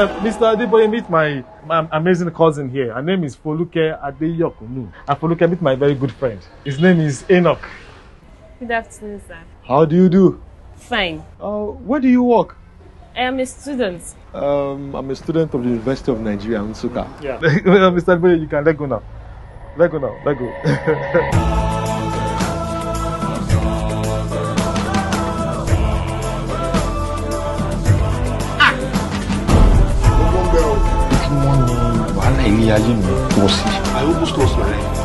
Mr. Adeboye, meet my, my amazing cousin here. Her name is Foluke Adeyokunu. And Foluke, meet my very good friend. His name is Enoch. Good afternoon, sir. How do you do? Fine. Uh, where do you work? I am a student. Um, I'm a student of the University of Nigeria, Nsukka. Yeah. well, Mr. Adeboye, you can let go now. Let go now. Let go. ilé ayé mi tó sí. I almost lost my life.